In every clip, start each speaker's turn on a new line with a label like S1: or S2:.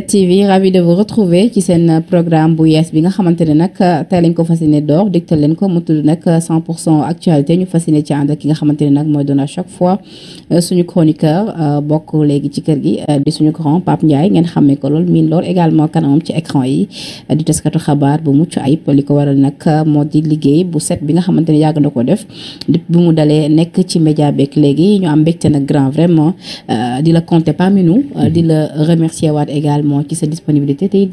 S1: TV ravi de vous retrouver ci seen euh, programme bu yees bi nga xamante ne nag euh, tey lañ ko fasciné door dégtal leen ko mu tudd nag 100 euh, pour cent actualité ñu fasciné ci ànd ak ki nga xamante ne nag mooy doon à chaque fois suñu chroniqueur bokk léegi ci kër gi di suñu grand Pape Ndiaye ngeen xamee ko lool miin lool également kanamam ci écran yi di taskatu xabaar bu mucc ayib li ko waral nag moo di liggéey bu set bi nga xamante ne yàgg na ko def bi bu mu dalee nekk ci média beeg léegi ñu am mbégte nag grand vraiment di la compter parmi nous di la remercier waat également également ci sa disponibilité te it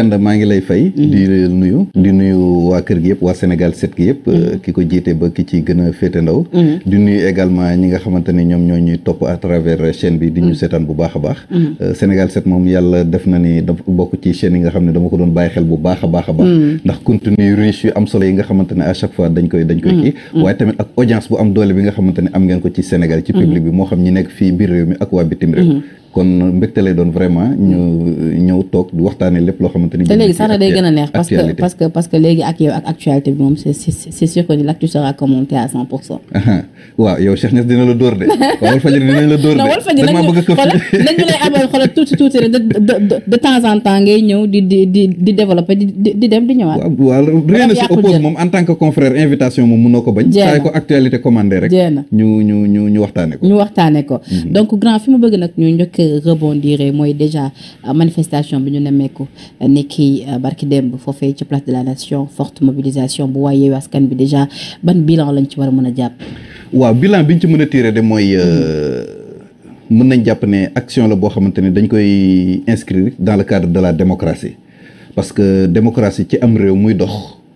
S2: di maa ngi lay fay mhm. nuyu di nuyu waa kër gi yëpp waa Sénégal set gi yëpp mhm. ko jiite ba ci gën a féete ndaw mhm. di ñi nga xamante ne ñoom ñoo ñuy topp à travers chaîne bi di ñu seetaan bu baax a baax euh, Sénégal set moom yàlla def na ni dafa bokk ci chaîne yi nga xam ne dama ko doon bàyyi xel bu baax a baax a baax ndax contenu riche yu am solo yi nga xamante ne à chaque fois dañ koy dañ koy kii waaye tamit ak audience bu am doole bi nga xamante ne am ngeen ko ci Sénégal ci public bi moo xam ñi nekk fii biir réew mi ak waa bitim réew kon mbégte lay doon vraiment ñu ñëw toog waxtaanee lépp loo xamante ni. te léegi nag ñu
S1: ñëw di di di di di di di ñëwaat. waaw
S2: waaw rien ne s'oppose moom en tant que confrère invitation ko bañ. saa ko actualité commandé rek. jeex na ñu ko. Mhm.
S1: donc grand fi ma bëgg nag ñu njëkk rebondir mooy déjà euh, manifestation bi ñu nemmeeku euh, ni ki euh, barki démb foofee ci place de la nation forte mobilisation bu waa Yewwi Askan bi déjà ban bilan lañ ci war a mën a jàpp.
S2: waaw bi ñu ci mën a tiré de mooy. mën nañ jàpp ne action la boo xamante ne dañ koy inscrire dans le cadre de la démocratie parce que démocratie ci am réew muy dox.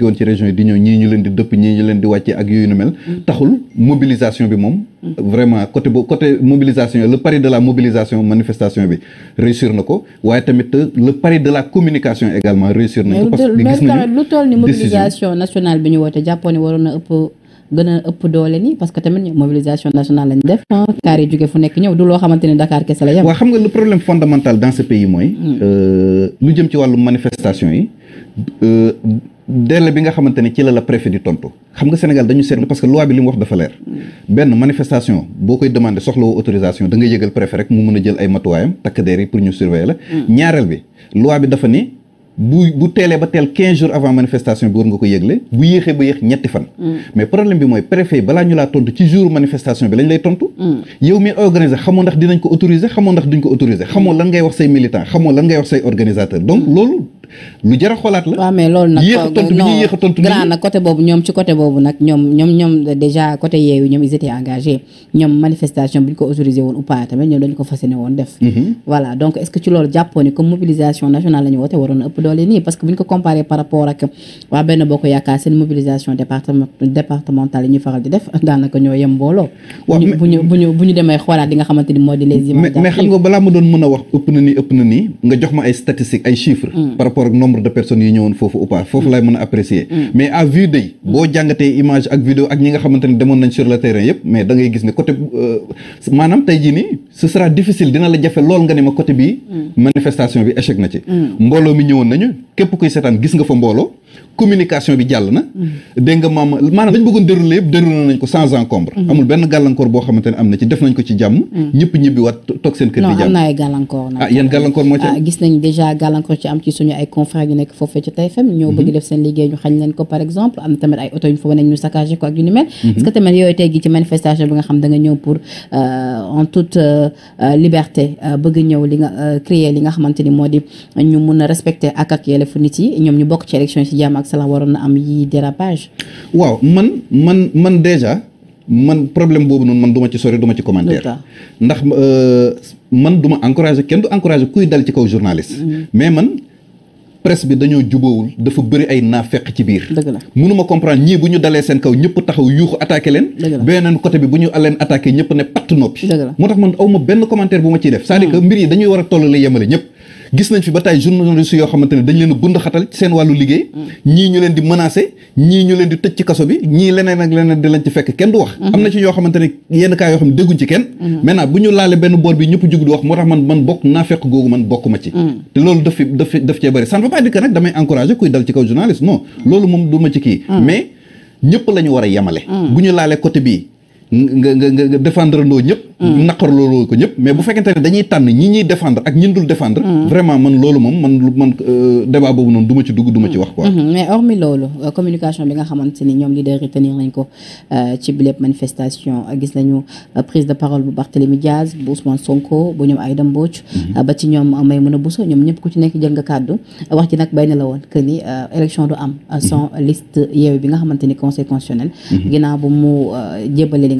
S2: jóge woon ci région yi di ñëw ñii ñu leen di dëpp ñii ñu bi na ko waaye tamit le pari lu toll ni mobilisation
S1: nationale bi ñu woote jàppoon waroon na ëpp gën a ëpp doole ni parce que tamit mobilisation nationale lañ def kaar ah. yi jóge fu nekk ñëw du loo xamante ne Dakar kese la yem waaw xam nga le
S2: problème fondamental dans ce mooy hmm. euh, lu jëm ci wàllu manifestation yi euh, délai bi nga xamante ni ci la la préfet di tontu xam nga Sénégal dañu seetlu parce que loi bi li mu wax dafa leer mm. benn manifestation boo koy demandé soxlawoo autorisation da nga yëgal préfet rek mu mën a jël ay matuwaayam takk der yi pour ñu surveiller la mm. ñaareel bi loi bi dafa ni bu bu teelee ba teel 15 jours avant manifestation bi war nga ko yëgle bu yéexee ba yéex ñetti fan mm. mais problème bi mooy préfet balaa ñu laa tontu ci jour manifestation bi lañ lay tontu yow mi organisé xamoo ndax dinañ ko autorisé xamoo ndax duñ ko autorisé xamoo lan ngay wax say militant xamoo lan ngay wax say organisateur donc loolu lu jar a xoolaat la. waaw mais loolu nag yéex a tontu bi ñuy yéex a tontu
S1: boobu nag ñoom ñoom déjà côté yeewu ñoom ils étaient engagés ñoom manifestation bi ñu ko autorisé woon ou tamit ñoom dañu ko fas woon def. Mm-hmm. voilà donc est ci loolu jàppoo ni comme mobilisation nationale la ñu waroon na ëpp doole nii parce que bu ñu ko comparé par rapport ak waa benn boo ko yaakaar seen mobilisation département yi ñu faral di def daanaka ñoo yem mbooloo. xam
S2: nga balaa rapport ak nombre de personnes yi ñëwoon foofu ou foofu mm. laay mën a apprécier mm. mais à vue boo jàngatee image ak vidéo ak ñi nga xamante demoon nañ sur le terrain yëpp mais da gis ne côté euh, maanaam tey jii nii ce sera difficile dina la jafe lool nga ne ma côté bii mm. manifestation bi échec na ci mbooloo mi ñëwoon nañu képp kuy seetaan gis nga fa mbooloo communication bi jàll na. dégg maam maanaam lañ bëggoon déroulé yëpp déroulé nañ ko sans encombre. Mhm. amul benn gàllankoor boo xamante am na ci def nañ ko ci jàmm. Mhm. ñëpp ñibbi wat toog seen kër. di jàmm non am
S1: ah, ci am ah, gis ñoo bëgg mhm. def seen liggéey ñu xañ leen ko par exemple am na tamit ay oto yu fa wane ñu saccagé ko ak yu ni mel. est que tamit yooyu tey ci manifestation bi nga xam da nga ñëw pour euh, en toute euh, euh, liberté bëgg ñëw li nga créer li nga xamante ni moo di ñu mun a jàmm ak salaam waroon na am yi dérapage.
S2: waaw man man man déjà man problème boobu noonu man du ci sori du ci commentaire. ndax euh, man du ma encourager kenn du encourager kuy dal ci kaw journaliste. Mm-hmm. mais man. presse bi dañoo jubóowul dafa bëri ay naafeq ci biir mënuma comprendre ñii bu ñu dalee seen kaw ñëpp taxaw yuuxu attaqué leen beneen côté bi bu ñu leen attaqué ñëpp ne patt noppi moo tax man awma benn commentaire bu ma ciy def c'est-à-dire mm-hmm. mbir yi dañuy war a toll la yemale ñëpp gis nañ fi ba tey journalistes yoo xamante ne dañ leen a bund xatal ci seen wàllu liggéey mm. ñii ñu leen di menacé ñii ñu leen di tëj ci kaso bi ñii leneen ak leneen di lañ ci fekk kenn du wax mm-hmm. am na ci yoo xamante ne yenn cas yoo xam ne dégguñ ci kenn mm-hmm. maintenant bu ñu laalee benn boor bi ñëpp jug di wax moo tax man bokk naa googu man bokk ma ci mm. te loolu daf fi daf daf cee bëri ça ne veut pas dire que nag damay encouragé kuy dal ci kaw journaliste non mm. loolu moom du ma ci kii mais la ñu war a yemale bu ñu laalee côté bii nga nga nga défendre loo ñëpp mm. naqarloo loo ko ñëpp mais bu fekkente ne dañuy tànn ñi ñuy défendre ak ñin dul défendre mm. vraiment man loolu moom man man euh, débat boobu noonu du ma ci dugg du ci wax quoi
S1: mm-hmm. euh, bi nga xamante ni ñoom leader retenir nañ ko euh, ci bilépp gis nañu prise de parole bu Barthélémy Diaz bu Ousmane Sonko bu ñoom Aïda Mbodj mm-hmm. ba ci ñoom Maïmouna Bousso ñoom ñëpp ku ci nekk jël nga kàddu wax ji nag benn la woon que ni élection du am son mm-hmm. liste yeewu bi nga xamante ni conseil constitutionnel ginnaaw bu mu jébalee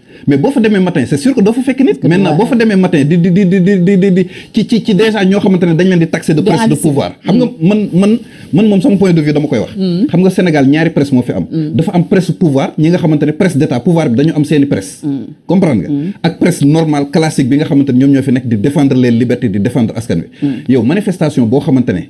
S2: mais boo fa demee matin c'est sûr que doo fa fekk nit maintenant boo fa demee matin di di di di di ci ci ñoo xamante ne dañ leen di taxer de presse de pouvoir xam nga mm. man man man moom sama point koy wax mm. xam nga Sénégal ñaari presse moo fi am mm. dafa am presse pouvoir ñi nga xamante ne presse d'état pouvoir bi dañu am seeni presse comprendre nga ak presse normale classique bi nga xamante ne ñoom ñoo fi nekk di défendre les libertés di défendre askan wi yow manifestation boo xamante ne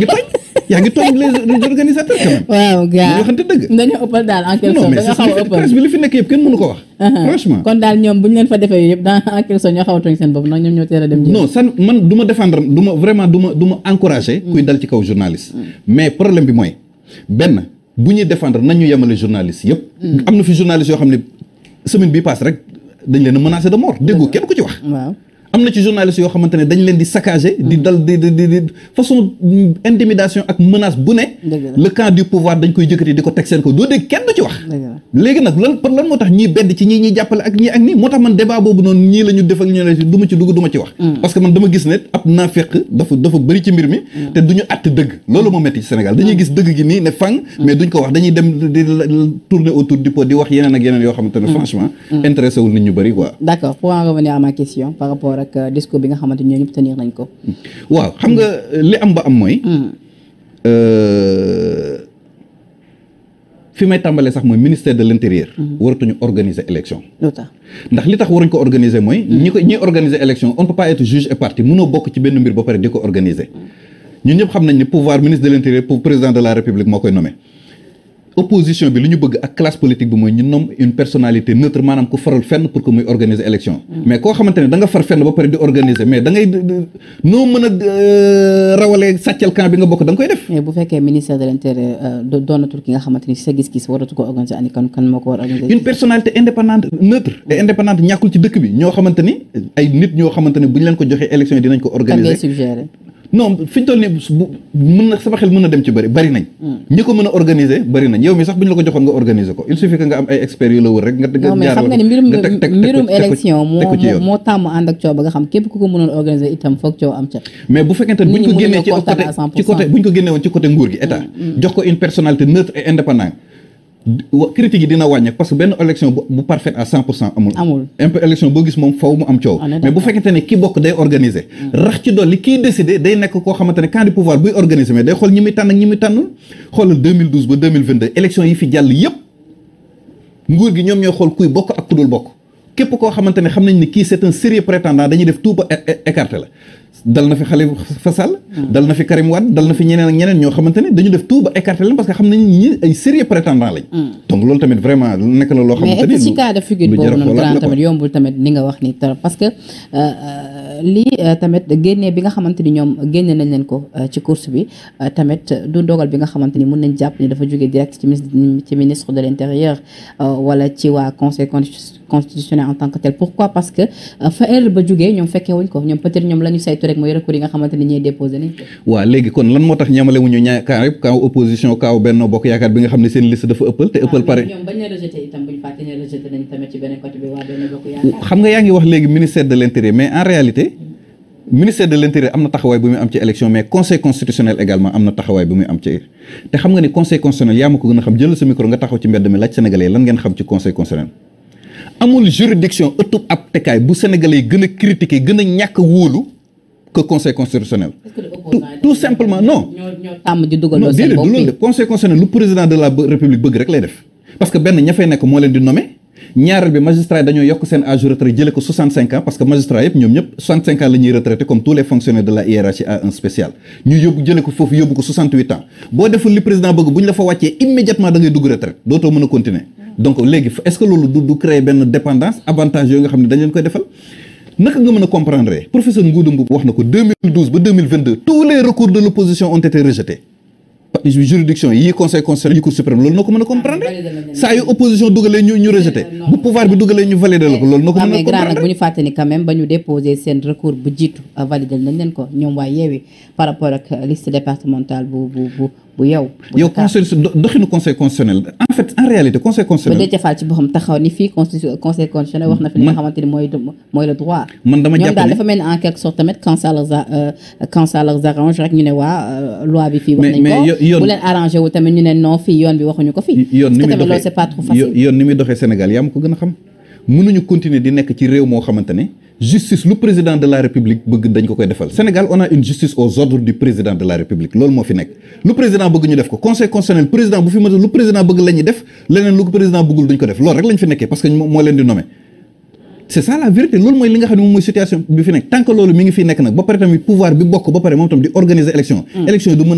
S2: ngi toj yaa ngi toj les les organisateurs quand même.
S1: waaw gars ñu waxante dëgg. dañoo ëppal daal en quelque sorte da nga xaw a ëppal presse bi li fi nekk yëpp kenn mënu ko wax. leen fa defee yëpp dans en quelque sorte ñoo xaw a tooñ seen a
S2: dem. ma défendre du ma vraiment du ma du ma encouragé. Mm. kuy dal ci kaw journaliste. Mm. mais problème bi mooy benn bu ñuy défendre nañ ñu yemale journaliste yëpp. Mm. am na fi journaliste yoo xam ne semaine bii paase rek dañ leen a menacé de mort déggu kenn ku ci wax. am na ci journalistes yoo xamante ne dañ leen di saccager. di mm-hmm. dal di di di façon intimidation ak menace bu ne. le camp du pouvoir dañ koy jëkkati di ko teg seen ko doo dégg kenn du ci wax. léegi nag lan lan moo tax ñii bedd ci ñii ñuy jàppale ak ñii ak nii moo tax man débat boobu noonu ñii la ñu def ak ci dugg du ci wax. Mm. parce que man dama gis ne ab naafeq dafa dafa ci mbir mi. Mm. te du ñu àtt dëgg. loolu moo metti ci Sénégal dañuy mm. gis dëgg gi nii ne fang. mais duñ
S1: ak euh, discours bi nga xamante ni ñoo ñëpp tenir nañ ko. Hmm.
S2: waaw xam nga li am ba am mooy. Hmm. Euh, fi may tàmbalee sax mooy ministère de l' intérieur. Hmm. waratuñu organiser élection. ndax li tax waruñ ko organiser mooy. ñi ko ñi organiser élection on peut pas être juge et parti mënoo bokk ci benn mbir ba pare di ko organiser. ñun ñëpp xam nañ ne pouvoir ministre de l' président de la république moo koy nommé. opposition bi li ñu bëgg ak classe politique bi mooy ñu nomme une personnalité neutre maanaam ku faral fenn pour que muy organiser élection. Mm. mais koo xamante ne far fenn ba pare di organiser mais da noo mën a euh, rawalee sàccal camp bi nga bokk da
S1: koy def. bu fekkee ministère de l'intérieur euh, doonatul ki nga xamante si sa gis-gis waratu ko organiser ani kan moo
S2: ko war organiser. une personnalité indépendante neutre et mm. ñàkkul ci dëkk bi ñoo xamante non fi ñu toll nii bu mën na sama xel mën na dem ci bëri bëri nañ hmm. ñi ko mën a organiser bëri nañ yow mi sax bu ñu la ko joxoon nga organiser ko il suffit que nga am ay experts yu la wër rek nga jaar xam nga ne mbirum mbirum élection bu fekkente ko génnee ci côté nguur gi état hmm, hmm. jox ko une personnalité neutre et indépendante critique yi dina wàññeeku parce que benn élection bu parfaite à cent pour cent amul amul élection boo gis moom faw mu am coow mais bu fekkente ne kii bokk day organiser mm. rax ci dolli kii décider day nekk koo xamante ne camp du pouvoir buy organiser mais day xool ñi muy tànn ak ñi muy tànnul xoolal ba 2022 yi fi jàll yépp nguur gi ñoom ñooy xool kuy bokk ak ku dul bokk képp koo xamante ne xam nañ ni kii c'est un sérieux prétendant dañuy def tout ba la dal na fi xale Sall dal na fi Karim Wade dal na fi ñeneen ñeneen ñoo xamante ne dañu def tout ba écarté leen parce que xam nañ ñi ay sérieux prétendant lañ mm. donc loolu tamit vraiment nekk na loo xamante ni mais ci cas de figure boobu noonu grand tamit
S1: tamit ni nga wax ni parce que euh, euh, lii euh, tamit génnee bi nga xamante ni ñoom génne nañ leen ko ci course bi tamit du ndogal bi nga xamante ni mën nañ jàpp ni dafa jógee direct ci ministre ci ministre de l'intérieur wala ci waa conseil constitutionnel constitutionnel en tant que tel pourquoi parce que euh, fa la ñu saytu rek mooy recours yi nga xamante ni ñuy déposé nañ
S2: waaw léegi kon lan moo tax ñamale wu nga xam seen liste dafa ah, am na taxawaay bu muy am ci élection mais conseil constitutionnel également am na taxawaay bu muy am ci te xam nga ni conseil constitutionnel yaa ma ko gën a xam jël sa micro nga taxaw ci mbedd mi laaj sénégalais lan ngeen xam ci conseil constitutionnel amul juridiction ëttub àttekaay bu sénégalais gën a critiquer gën a ñàkk wóolu que conseil constitutionnel. tout tout simplement non. ñoo di dugal non déedéet du loolu conseil constitutionnel lu président de la république bëgg rek lay def. parce que benn ña fay nekk moo leen di nommer ñaareel bi magistrat yi yokk seen âge retraite jëlee ko 65 ans parce que magistrat yëpp ñoom ñëpp 65 ans la ñuy comme tous les fonctionnaires de la hiérarchie donc léegi est-ce que loolu du du créer benn dépendance avantage yooyu nga xam ne dañ leen koy defal naka nga mën a comprendre professeur Ngouda Mboup wax na ko 2012 ba 2022 tous les recours de l'opposition ont été rejetés juridiction yi conseil constitutionnel yi cour suprême loolu noo ko mën a comprendre saa yu opposition dugalee ñu ñu bu pouvoir bi dugalee ñu validé ko loolu noo ko mën a ah, comprendre nag
S1: bu ñu fàtte ni quand même ba ñu déposé seen recours bu jiitu ko ñoom waa yeewi par
S2: bu yow. yow conseil doxinu conseil constitutionnel en fait en réalité conseil constitutionnel. ba Déthié
S1: Fall ci boppam taxaw ni fii conseil constitutionnel wax na fi li nga xamante ni mooy mooy le droit. man dama jàpp ñoom daal dafa mel ni en quelque sorte tamit quand ça euh, ne waa euh, loi bi fii. wax nañ ko bu ne non yoon bi waxuñu ko fii. yoon ni muy doxee parce que tamit
S2: loolu c'est Sénégal yaa ma ko gën a xam mënuñu continuer di nekk ci réew moo xamante ne justice lu président de la république bëgg dañ ko koy defal Sénégal on a une justice aux ordres du président de la république loolu moo fi nekk lu président bëgg ñu def ko conseil constitutionnel président bu fi mën lu président bëgg la ñuy def leneen lu ko président bëggul duñ ko def loolu rek lañ fi nekkee parce moo leen di nommer c'est ça la vérité loolu mooy li nga xam ne moom mooy situation bi fi nekk tant loolu mi ngi fi nekk nag ba pare tamit pouvoir bi bokk ba pare moom tam di mm.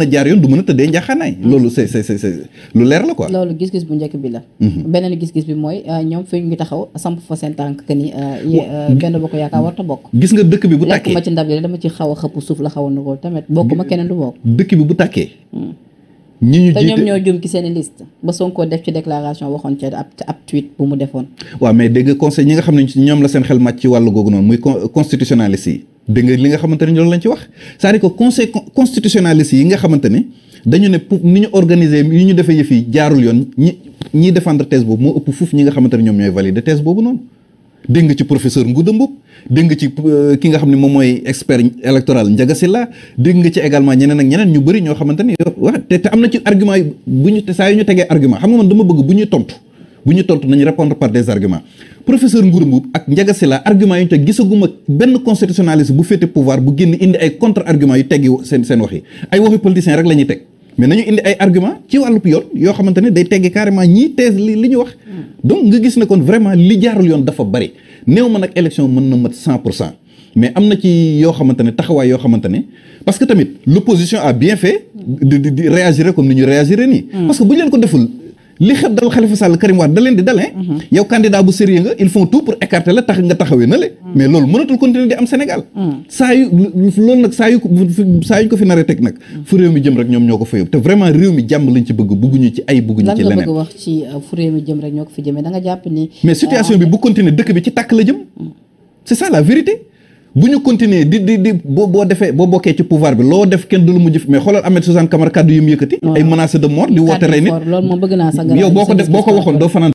S2: a jaar yoon a tëddee njaaxaanaay mm.
S1: gis-gis bu njëkk bi la mm-hmm. beneen gis-gis bi mooy euh, ñoom fi ñu ngi taxaw samp fa seen tànk que ni euh, euh, benn bokk yaakaar warta bokk
S2: gis nga dëkk bi bu tàkkee nekkuma
S1: ci ndab yi dama ci xaw a xëpp suuf la xaw a nugoo tamit bokkuma keneen du bokk
S2: dëkk bi bu tàkkee mm. ñi ñu jiite ñoom
S1: ñoo seen liste ba Sonko def ci déclaration waxoon ci ab ab
S2: tweet bu mu defoon. waaw mais dégg nga conseil ñi nga xam ne ñoom la seen xel màcc ci wàllu googu noonu muy constitutionnaliste yi dégg nga li nga xamante ne loolu lañ ci wax c'est-à-dire que conseil constitutionnaliste yi nga xamante ne dañu ne pour ni ñu organiser yi ñu defee yëf yi jaarul yoon ñi ñiy défendre thèse boobu moo ëpp fuuf ñi nga xamante ñoom ñooy valider thèse boobu noonu. dégg nga ci professeur Ngouda Mboup dégg nga ci euh, ki nga xam ne moom mooy expert électoral Ndiaga Sylla dégg nga ci également ñeneen ak ñeneen ñu bëri ñoo xamante ni wax euh, te am na ci argument yu bu ñu saa yu ñu tegee argument xam nga man dama bëgg bu ñuy tontu bu ñu tontu nañu répondre par des arguments professeur Ngouda Mboup ak Ndiaga Sylla argument yu ñu teg gisaguma benn constitutionnaliste bu féete pouvoir bu génn indi ay contre argument yu teggi seen seen wax yi ay rek la ñuy teg mais nañu indi ay argument ci wàllu yoon yoo xamante ne day tegge carrément ñii tees li li ñu wax donc nga gis ne kon vraiment li jaarul yoon dafa bari néew ma nag élection mën na mat cent pour cent mais am na ci yoo xamante ne taxawaay yoo xamante ne parce que tamit l'opposition a bien fait de réagir comme ni ñu réagir nii hmm. parce que bu ñu leen ko deful li xëb dal Khalifa Sall Karim Wade da leen di dal mhm. yow candidat bu sérieux nga ils font tout pour écarter la tax nga taxawee na le mhm. mais loolu mënatul continuer di am Sénégal mhm. saa yu loolu nag saa yu saa ko fi naree teg nag fu réew mi jëm rek ñoom ñoo ko fa yóbbu te vraiment réew mi jàmm lañ ci bëgg bëgguñu ci ay bëgguñu ci leneen lan nga
S1: bëgg euh, ko fi jëmee da nga jàpp ni
S2: mais situation euh, bi bu continuer dëkk bi ci tàkk la jëm c'est ça la vérité bu ñu continuer di di di boo boo defee boo bokkee ci pouvoir bi loo def kenn du lu mujj mais xoolal Ahmed Suzanne Camara kaddu yu mu yëkkati. ay menaces de mort di woote rey nit.
S1: loolu moom bëgg naa sax yow boo ko def boo ko waxoon doo
S2: fanaan.